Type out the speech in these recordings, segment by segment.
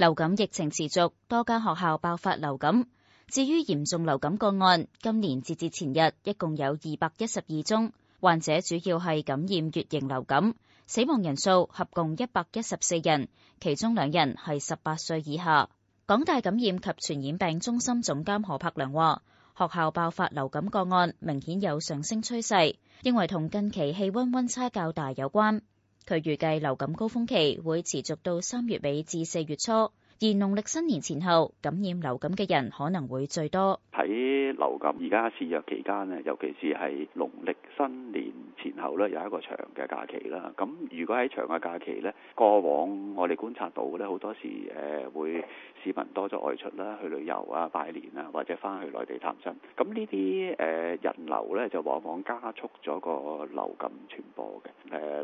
流感疫情持續，多間學校爆發流感。至於嚴重流感個案，今年截至前日，一共有二百一十二宗。患者主要係感染乙型流感，死亡人數合共一百一十四人，其中兩人係十八歲以下。港大感染及傳染病中心總監何柏良話：學校爆發流感個案明顯有上升趨勢，認為同近期氣温温差較大有關。佢預計流感高峰期會持續到三月尾至四月初，而農曆新年前後感染流感嘅人可能會最多。喺流感而家肆虐期間咧，尤其是係農曆新年前後咧，有一個長嘅假期啦。咁如果喺長嘅假期咧，過往我哋觀察到咧，好多時誒會市民多咗外出啦，去旅遊啊、拜年啊，或者翻去內地探親。咁呢啲誒人流咧，就往往加速咗個流感傳播嘅。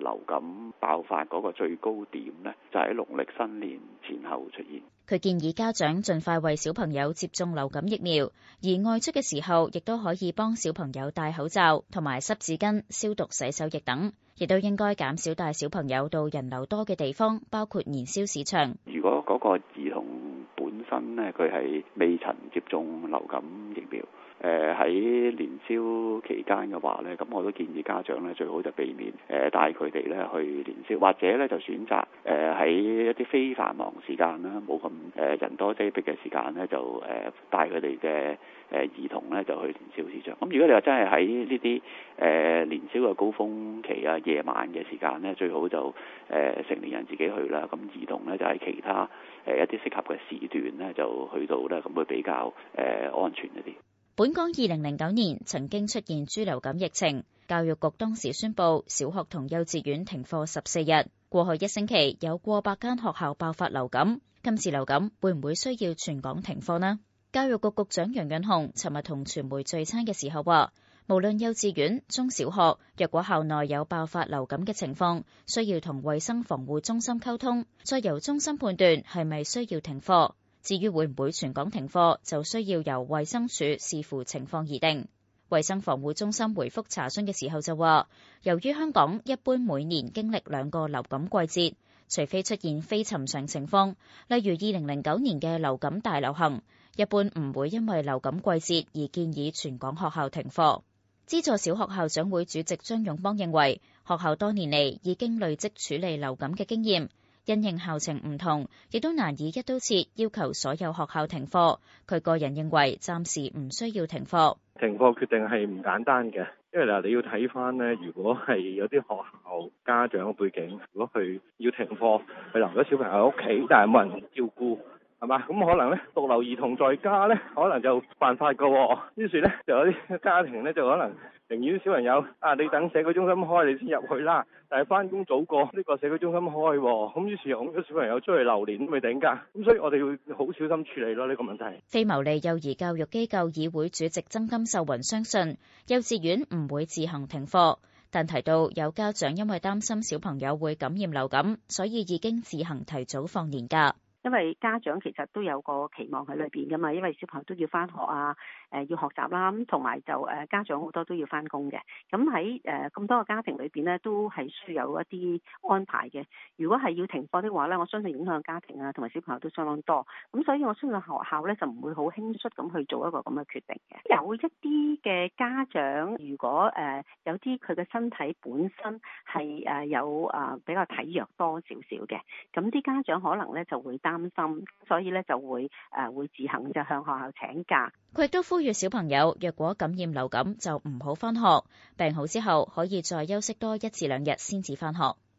流感爆發嗰個最高點呢，就喺農曆新年前後出現。佢建議家長盡快為小朋友接種流感疫苗，而外出嘅時候亦都可以幫小朋友戴口罩同埋濕紙巾、消毒洗手液等，亦都應該減少帶小朋友到人流多嘅地方，包括燃燒市場。如果嗰個兒童本身呢，佢係未曾接種流感疫苗。誒喺、呃、年宵期間嘅話咧，咁我都建議家長咧最好就避免誒、呃、帶佢哋咧去年宵，或者咧就選擇誒喺、呃、一啲非繁忙時間啦，冇咁誒人多擠逼嘅時間咧，就誒、呃、帶佢哋嘅誒兒童咧就去年宵市場。咁如果你話真係喺呢啲誒年宵嘅高峰期啊、夜晚嘅時間咧，最好就誒、呃、成年人自己去啦。咁兒童咧就喺其他誒、呃、一啲適合嘅時段咧就去到咧，咁、呃、會比較誒、呃、安全一啲。本港二零零九年曾經出現豬流感疫情，教育局當時宣布小學同幼稚園停課十四日。過去一星期有過百間學校爆發流感，今次流感會唔會需要全港停課呢？教育局局長楊潤雄尋日同傳媒聚餐嘅時候話，無論幼稚園、中小學，若果校內有爆發流感嘅情況，需要同衛生防護中心溝通，再由中心判斷係咪需要停課。至於會唔會全港停課，就需要由衛生署視乎情況而定。衛生防護中心回覆查詢嘅時候就話，由於香港一般每年經歷兩個流感季節，除非出現非尋常情況，例如二零零九年嘅流感大流行，一般唔會因為流感季節而建議全港學校停課。資助小學校長會主席張勇邦認為，學校多年嚟已經累積處理流感嘅經驗。因應校情唔同，亦都難以一刀切要求所有學校停課。佢個人認為，暫時唔需要停課。停課決定係唔簡單嘅，因為嗱，你要睇返咧，如果係有啲學校家長嘅背景，如果佢要停課，佢留咗小朋友喺屋企，但係冇人照顧。嘛，咁可能咧獨留兒童在家咧，可能就犯法噶。於是咧，就有啲家庭咧就可能寧願小朋友啊，你等社區中心開你先入去啦。但係返工早過呢個社區中心開，咁於是哄咗小朋友出嚟留連都未頂噶。咁所以我哋要好小心處理咯呢個問題。非牟利幼兒教育機構議會主席曾金秀雲相信幼稚園唔會自行停課，但提到有家長因為擔心小朋友會感染流感，所以已經自行提早放年假。因為家長其實都有個期望喺裏邊㗎嘛，因為小朋友都要返學啊，誒、呃、要學習啦、啊，咁同埋就誒、呃、家長好多都要返工嘅，咁喺誒咁多個家庭裏邊咧，都係需要有一啲安排嘅。如果係要停課嘅話咧，我相信影響家庭啊同埋小朋友都相當多。咁所以我相信學校咧就唔會好輕率咁去做一個咁嘅決定嘅。有一啲嘅家長如果誒、呃、有啲佢嘅身體本身係誒有啊比較體弱多少少嘅，咁啲家長可能咧就會擔擔心，所以咧就會誒會自行就向學校請假。佢亦都呼籲小朋友，若果感染流感就唔好翻學，病好之後可以再休息多一至兩日先至翻學。